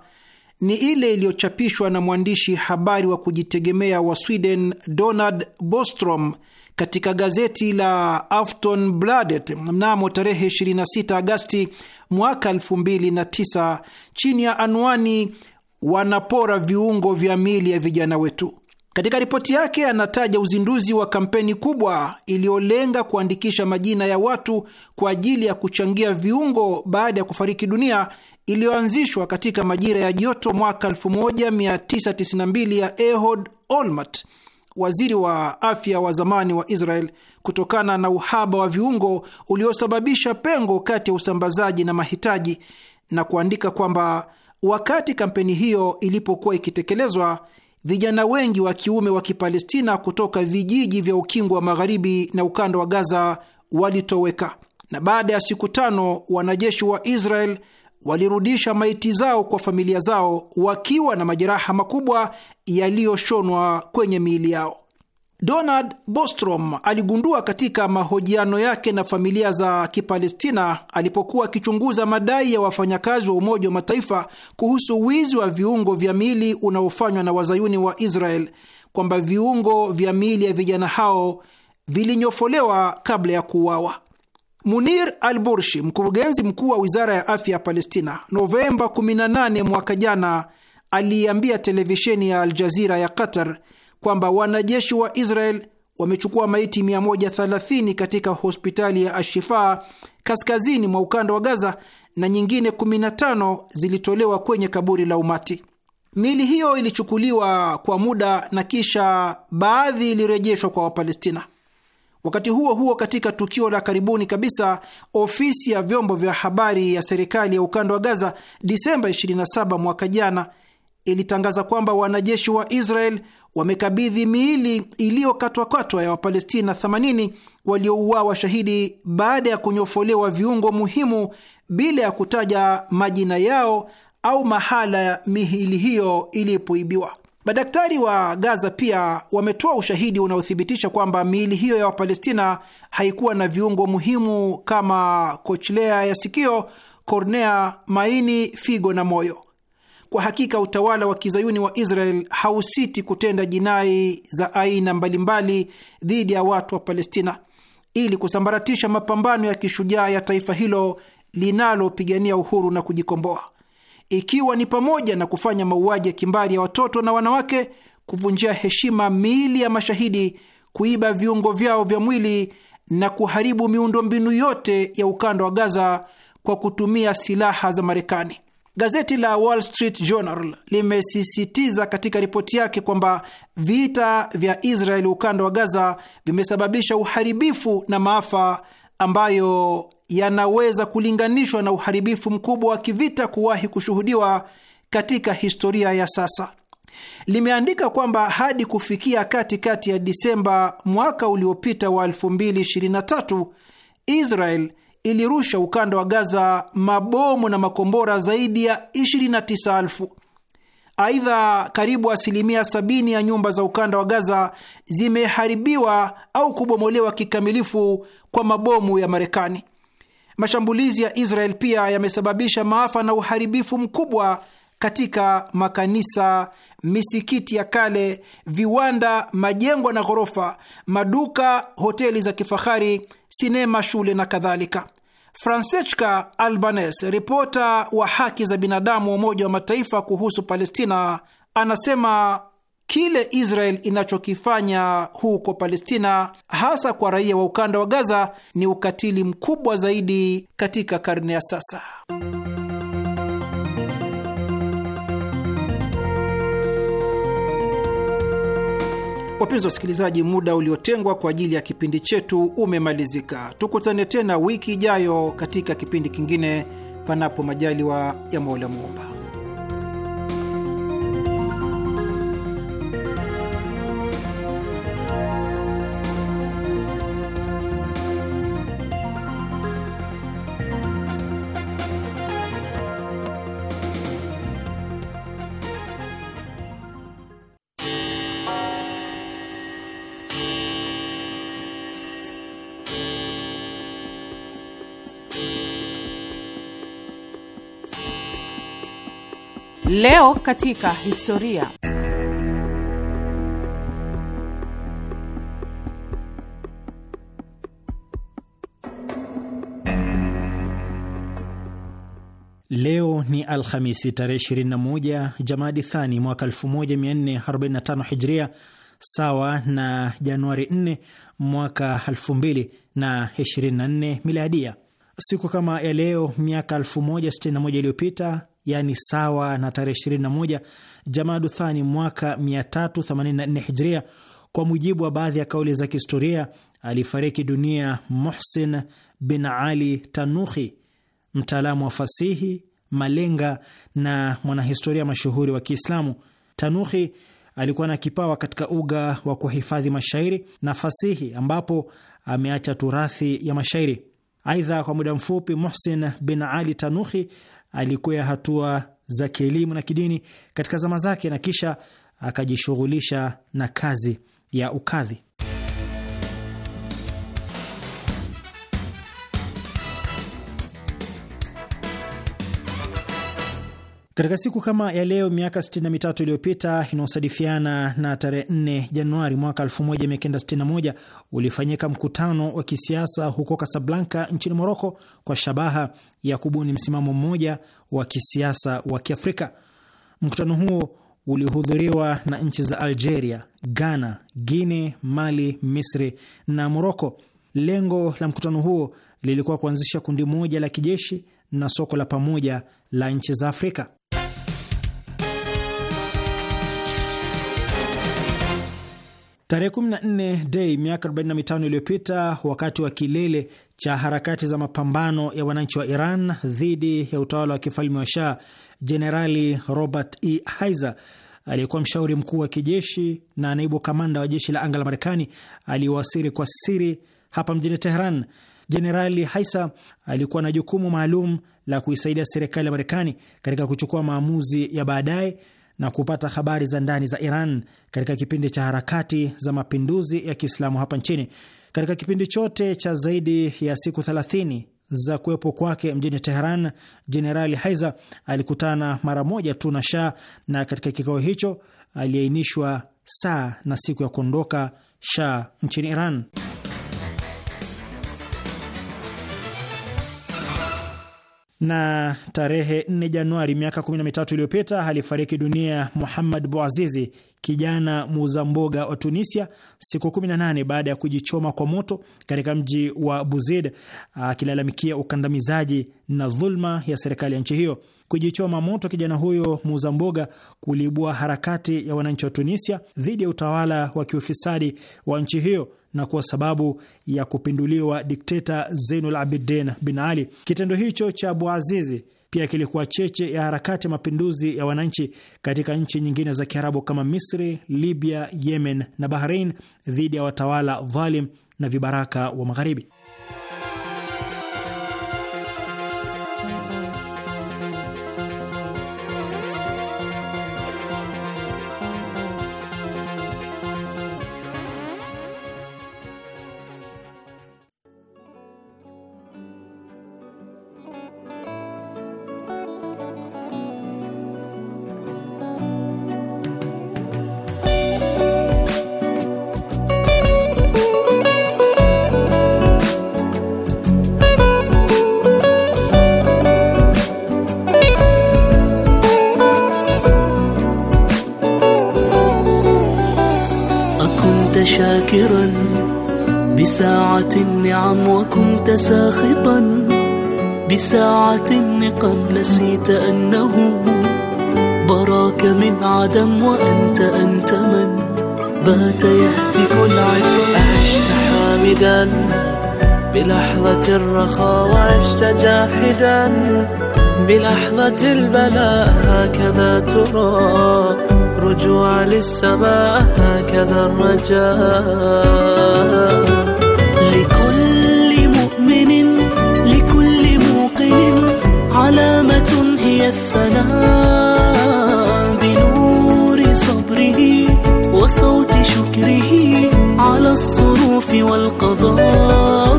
ni ile iliyochapishwa na mwandishi habari wa kujitegemea wa Sweden Donald Bostrom katika gazeti la Aftonbladet mnamo tarehe 26 Agasti mwaka 2009 chini ya anwani wanapora viungo vya miili ya vijana wetu. Katika ripoti yake anataja uzinduzi wa kampeni kubwa iliyolenga kuandikisha majina ya watu kwa ajili ya kuchangia viungo baada ya kufariki dunia iliyoanzishwa katika majira ya joto mwaka 1992 ya Ehud Olmert, waziri wa afya wa zamani wa Israel, kutokana na uhaba wa viungo uliosababisha pengo kati ya usambazaji na mahitaji, na kuandika kwamba wakati kampeni hiyo ilipokuwa ikitekelezwa vijana wengi wa kiume wa Kipalestina kutoka vijiji vya ukingo wa magharibi na ukanda wa Gaza walitoweka, na baada ya siku tano wanajeshi wa Israel walirudisha maiti zao kwa familia zao wakiwa na majeraha makubwa yaliyoshonwa kwenye miili yao. Donald Bostrom aligundua katika mahojiano yake na familia za Kipalestina alipokuwa akichunguza madai ya wafanyakazi wa Umoja wa Mataifa kuhusu wizi wa viungo vya miili unaofanywa na wazayuni wa Israel kwamba viungo vya miili ya vijana hao vilinyofolewa kabla ya kuuawa. Munir al Burshi, mkurugenzi mkuu wa wizara ya afya ya Palestina, Novemba 18 mwaka jana, aliiambia televisheni ya Aljazira ya Qatar kwamba wanajeshi wa Israel wamechukua maiti 130 katika hospitali ya Ashifa kaskazini mwa ukanda wa Gaza na nyingine 15 zilitolewa kwenye kaburi la umati. Mili hiyo ilichukuliwa kwa muda na kisha baadhi ilirejeshwa kwa Wapalestina. Wakati huo huo, katika tukio la karibuni kabisa, ofisi ya vyombo vya habari ya serikali ya ukanda wa Gaza Disemba 27 mwaka jana ilitangaza kwamba wanajeshi wa Israel wamekabidhi miili iliyokatwakatwa ya Wapalestina 80 waliouawa shahidi baada ya kunyofolewa viungo muhimu bila ya kutaja majina yao au mahala miili hiyo ilipoibiwa. Madaktari wa Gaza pia wametoa ushahidi unaothibitisha kwamba miili hiyo ya Wapalestina haikuwa na viungo muhimu kama kochlea ya sikio, kornea, maini, figo na moyo. Kwa hakika utawala wa kizayuni wa Israel hausiti kutenda jinai za aina mbalimbali dhidi ya watu wa Palestina ili kusambaratisha mapambano ya kishujaa ya taifa hilo linalopigania uhuru na kujikomboa ikiwa ni pamoja na kufanya mauaji ya kimbari ya watoto na wanawake, kuvunjia heshima miili ya mashahidi, kuiba viungo vyao vya mwili na kuharibu miundombinu yote ya ukanda wa Gaza kwa kutumia silaha za Marekani. Gazeti la Wall Street Journal limesisitiza katika ripoti yake kwamba vita vya Israeli ukanda wa Gaza vimesababisha uharibifu na maafa ambayo yanaweza kulinganishwa na uharibifu mkubwa wa kivita kuwahi kushuhudiwa katika historia ya sasa. Limeandika kwamba hadi kufikia katikati kati ya Disemba mwaka uliopita wa 2023 Israel ilirusha ukanda wa Gaza mabomu na makombora zaidi ya 29,000. Aidha, karibu asilimia 70 ya nyumba za ukanda wa Gaza zimeharibiwa au kubomolewa kikamilifu kwa mabomu ya Marekani. Mashambulizi ya Israel pia yamesababisha maafa na uharibifu mkubwa katika makanisa, misikiti ya kale, viwanda, majengo na ghorofa, maduka, hoteli za kifahari, sinema, shule na kadhalika. Francesca Albanese, ripota wa haki za binadamu wa Umoja wa Mataifa kuhusu Palestina, anasema kile Israel inachokifanya huko Palestina, hasa kwa raia wa ukanda wa Gaza, ni ukatili mkubwa zaidi katika karne ya sasa. Wapenzi wasikilizaji, muda uliotengwa kwa ajili ya kipindi chetu umemalizika. Tukutane tena wiki ijayo katika kipindi kingine, panapo majaliwa ya Mola Muumba. Leo katika historia. Leo ni Alhamisi tarehe 21 Jamadi Thani mwaka 1445 Hijria, sawa na Januari 4 mwaka 2024 Miladia. Siku kama ya leo miaka 1061 iliyopita yani sawa na tarehe 21 Jamadu Thani mwaka 384 Hijria. Kwa mujibu wa baadhi ya kauli za kihistoria, alifariki dunia Muhsin bin Ali Tanuhi, mtaalamu wa fasihi, malenga na mwanahistoria mashuhuri wa Kiislamu. Tanuhi alikuwa na kipawa katika uga wa kuhifadhi mashairi na fasihi, ambapo ameacha turathi ya mashairi. Aidha, kwa muda mfupi Muhsin bin Ali Tanuhi alikwea hatua za kielimu na kidini katika zama zake na kisha akajishughulisha na kazi ya ukadhi. Katika siku kama ya leo miaka 63 iliyopita inaosadifiana na tarehe 4 Januari mwaka 1961 ulifanyika mkutano wa kisiasa huko Kasablanka nchini Moroko kwa shabaha ya kubuni msimamo mmoja wa kisiasa wa Kiafrika. Mkutano huo ulihudhuriwa na nchi za Algeria, Ghana, Guinea, Mali, Misri na Moroko. Lengo la mkutano huo lilikuwa kuanzisha kundi moja la kijeshi na soko la pamoja la nchi za Afrika. Tarehe 14 Dei miaka 45 iliyopita, wakati wa kilele cha harakati za mapambano ya wananchi wa Iran dhidi ya utawala wa kifalme wa Shah, Jenerali Robert E. Heiser aliyekuwa mshauri mkuu wa kijeshi na naibu kamanda wa jeshi la anga la Marekani aliyowasiri kwa siri hapa mjini Teheran. Jenerali haisa alikuwa na jukumu maalum la kuisaidia serikali ya Marekani katika kuchukua maamuzi ya baadaye na kupata habari za ndani za Iran katika kipindi cha harakati za mapinduzi ya Kiislamu hapa nchini. Katika kipindi chote cha zaidi ya siku 30 za kuwepo kwake mjini Teheran, Jenerali Haiza alikutana mara moja tu na Shah, na katika kikao hicho aliainishwa saa na siku ya kuondoka Shah nchini Iran. na tarehe 4 Januari miaka 13 iliyopita alifariki dunia Muhammad Bouazizi, kijana muuza mboga wa Tunisia, siku 18 baada ya kujichoma kwa moto katika mji wa Buzid, akilalamikia ukandamizaji na dhulma ya serikali ya nchi hiyo. Kujichoma moto kijana huyo muuza mboga kuliibua harakati ya wananchi wa Tunisia dhidi ya utawala wa kiufisadi wa nchi hiyo na kuwa sababu ya kupinduliwa dikteta Zeinul Abidin bin Ali. Kitendo hicho cha Bouazizi pia kilikuwa cheche ya harakati ya mapinduzi ya wananchi katika nchi nyingine za Kiarabu kama Misri, Libya, Yemen na Bahrain dhidi ya watawala dhalim na vibaraka wa Magharibi. لحظة البلاء هكذا ترى رجوع للسماء هكذا الرجاء لكل مؤمن لكل موقن علامة هي الثناء بنور صبره وصوت شكره على الصروف والقضاء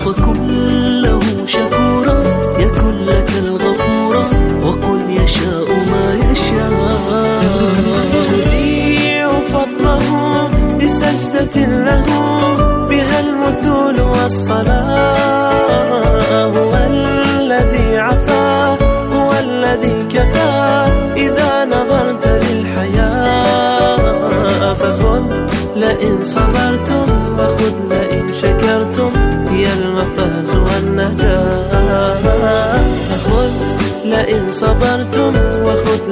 فكن له بها المثول والصلاة هو الذي عفا هو الذي كفى إذا نظرت للحياة فخذ لئن صبرتم وخذ لئن شكرتم هي المفاز والنجاة فخذ لئن صبرتم وخذ